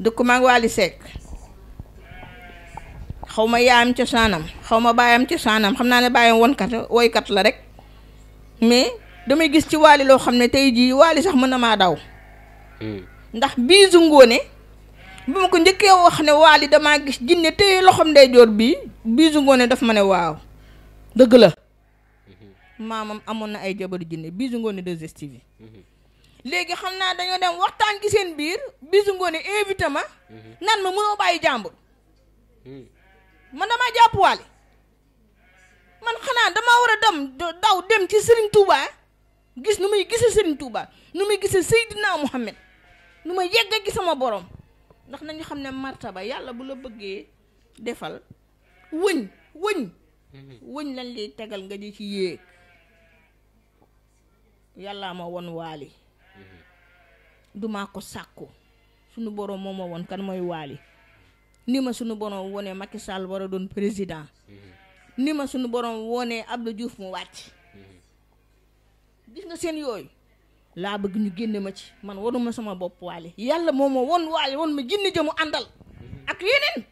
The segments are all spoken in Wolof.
dëkk maag Waly Seck xaw ma yaayam cosaanam xaw ma baayam cosaanam xam naa ne baayam wonkat woykat la rek mais damay gis ci Waly loo xam ne tey jii Waly sax mën na maa daw hmm. ndax Bijou Ngoné bi ma ko njëkkee wax ne Waly damaa gis jinne tey loxoom ndeyjoor bii Bijou Ngoné dafa ma ne waaw dëgg la hmm. maamam amoon na ay jabaru jinne Bijou Ngoné 2STV léegi xam naa dañoo dem waxtaan gi seen biir bisu ngoon invité ma mhm. nan ma mënoo bàyyi jàmbur hmm. man damaa jàppuwaale man xanaa damaa war a dem daw dem ci Serigne Touba gis nu muy gise sëriñ Touba nu muy gise Seydina Mouhamed nu ma yegg gi sama borom ndax nañu xam ne martaba yàlla bu la bëggee defal wëñ wëñ hmm. wëñ lañ lay tegal nga di ci yéeg yàllaa ma won waali duma ko sàkku sunu boroom moo ma woon kan mooy waali ni ma sunu boroom wone Macky Sall war a doon président mm-hmm. ni ma sunu boroom wone Abdou Diouf mu wàcc mm-hmm. gis nga seen yooyu laa bëgg ñu génne ma ci man waruma sama bopp waali yàlla moo moo won waali woon ma jinni mu àndal mm-hmm. ak yeneen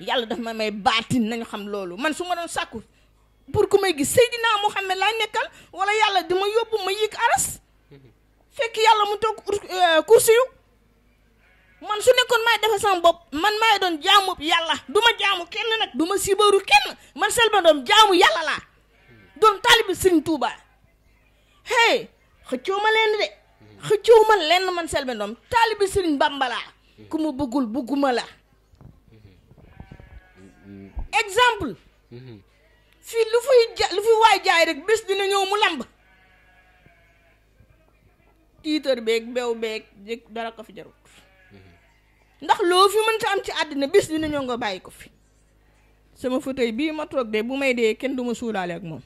yàlla dafa ma may baatin nañu xam loolu man su ma doon sàkku pour ku may gis Seydina Mouhamed laa nekkal wala yàlla dima yóbbu ma yéeg aras fekk yàlla mu toog kursi euh, yu man su nekkoon maay defe sama bopp man maay doon jaamu yàlla duma ma jaamu kenn nag du ma sibaru kenn man Selbé Ndom jaamu yàlla laa doon taalibi Sëriñ Tuuba hey xëccoo ma leen de xëccoo ma leen man Selbé Ndom taalibi Sëriñ Bàmba laa ku ma bëggul bëgguma la exemple mm-hmm. fii lu fuy ja lu fuy waay jaay rek bés dina ñëw mu lamb tiitar beeg bew beeg dara ko fi jarut mhm. ndax loo fi mënta am ci àddina bis dina ñëw nga bàyyi ko fi sama fauteuil bii ma toog de bu may dee kenn du ma suulaale ak moom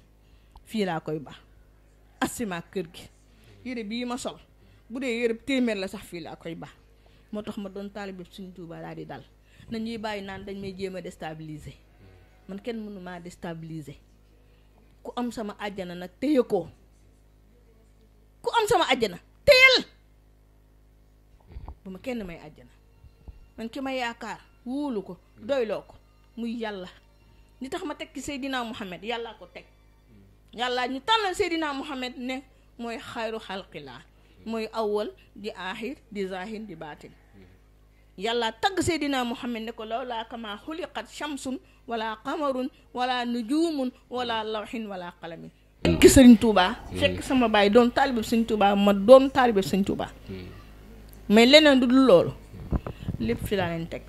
fii laa koy baax asima kër gi yére bii ma sol bu dee yére téeméer la sax fii laa koy baax moo tax ma doon taalibe suñu Tuubaa di dal nañuy bàyyi naan dañ may jéem a déstabiliser man kenn mënu maa déstabiliser ku am sama àjjana nag téye ko ku am sama àjjana teel bu ma kenn may àjjana man ki ma yaakaar wóolu ko doyloo ko muy yàlla li tax ma teg ci Seydina Muhammad yàlla ko teg yàlla ñu tànnal Seydina Muhammad ne mooy xayru xalqilaa mooy awwal di aaxir di zahir di baatin yàlla tagg Seydina Muhammad ne ko lawlaa kamaa xuliqat shamsun wala qamarun wala nujuumun wala lawxin wala qalamin fekk sëriñ Touba. fekk sama baay doon taalibe sëriñ Touba ma doon taalibe sëriñ Touba. mais leneen du dul loolu lépp fi laa teg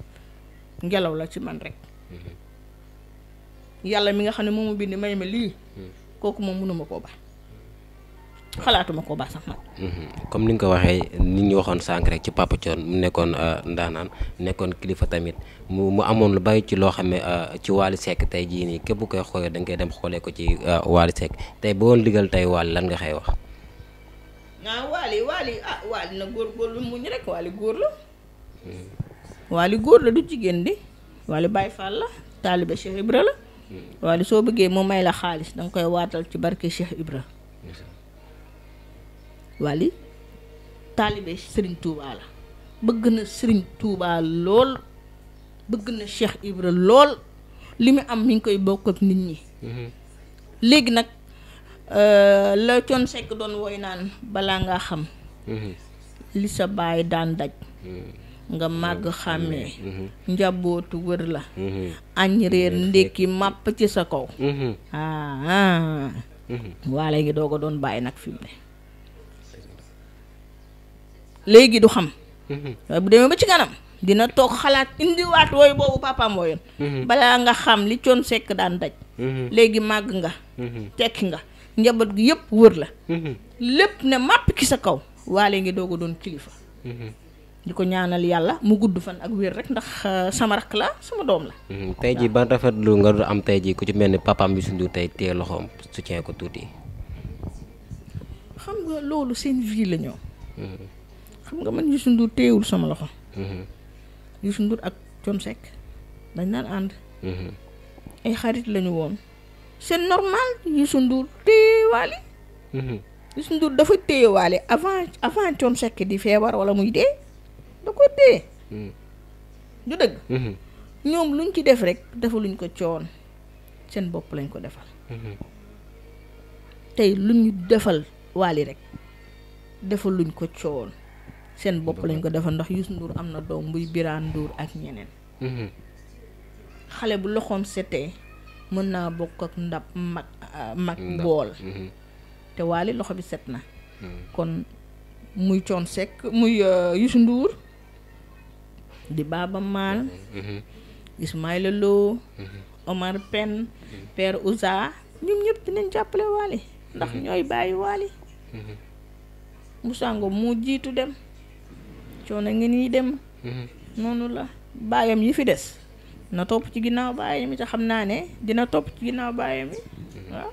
ngelaw la ci man rek. Mhm. yàlla mi nga xam ne moomu bind may ma lii. Mhm. kooku moom mënuma koo baax. xalaatuma koo baax sax man. Mhm. comme ni nga ko waxee ni ñu waxoon sànq rek ci Papa Thione mu nekkoon euh, ndaanaan nekkoon kilifa tamit mu mu amoon lu bari ci loo xam ne euh, ci Wally sekk tey jii nii képp koy xoolee da koy dem xoolee ko ci euh, Wally Seck tey boo digal tey Wally lan nga xëy wax. ah Wally Wally ah Wally na góorgóorlu muñ rek Wally góor la. Mhm. Wally góor la du jigéen di Wally Baye Fall la taalibe Cheikh Ibra la. Mhm. Wally soo bëggee mu may la xaalis danga koy waatal ci barke Cheikh Ibra. Wally taalibe Serigne Touba la bëgg na sëriñ Touba lool bëgg na Cheikh Ibra lool li mu am mi ngi koy bokk nit ñi. Mhm. léegi nag euh, la Thione Seck doon woy naan balaa ngaa xam. Mhm. li sa baay daan daj. Mhm. nga màgg xàmmee njabootu wër la añ réer ndékki màpp ci sa kaw ah, ah. waala ngi doog a doon bàyyi nag fi mu ne léegi du xam. Mhm. waaye bu demee ba ci kanam dina toog xalaat indiwaat wooyu boobu papaam wooyoon. Mhm. balaa nga xam li coon sekk daan daj. Mhm. léegi màgg nga. tekki nga njaboot gi yépp wër la. lépp ne màpp ki sa kaw waale ngi doog a doon kilifa. di ko ñaanal yàlla mu gudd fan ak wér rek ndax euh, sama rakk la sama doom la. tey jii ban rafetlu nga du am tey ji ku ci mel ni papaam Youssou Ndour tey téye loxoom soutien ko tuuti. xam nga loolu seen vie la xam nga man Youssou Ndour téyewul sama loxo. Mhm. Youssou Ndour ak Thione Seck dañ naan ànd. Mhm. ay xarit lañu woon. c'est normal Youssou Ndour téyewaale. Mhm. Youssou Ndour dafa téyewaale avant avant Thione Seck di feebar wala muy dee da ko téye. du dëgg. ñoom luñ ci def rek luñ ko coon seen bopp lañ ko defal. tey luñ defal waali rek defaluñ ko coon. seen bopp lañ ko defal ndax Youssou Ndour am na doom buy Birane Ndour ak ñeneen mm-hmm. xale bu loxoom setee mën naa bokk ak ndab mag ah, mag bool mm-hmm. te waali loxo bi set na mm-hmm. kon muy Thione sekk muy euh, Youssou nduur di Baaba Maal Ismaïla Lo Omar Pène Père Ouza ñu ñëpp dinañ jàppale waali ndax ñooy bàyyi waali Moussa Ngom moo jiitu dem coono ngi nii dem. Mhm. noonu la baayam yi fi des na topp ci ginnaaw baayam yi te xam naa ne dina topp ci ginnaaw baayam yi mhm. waaw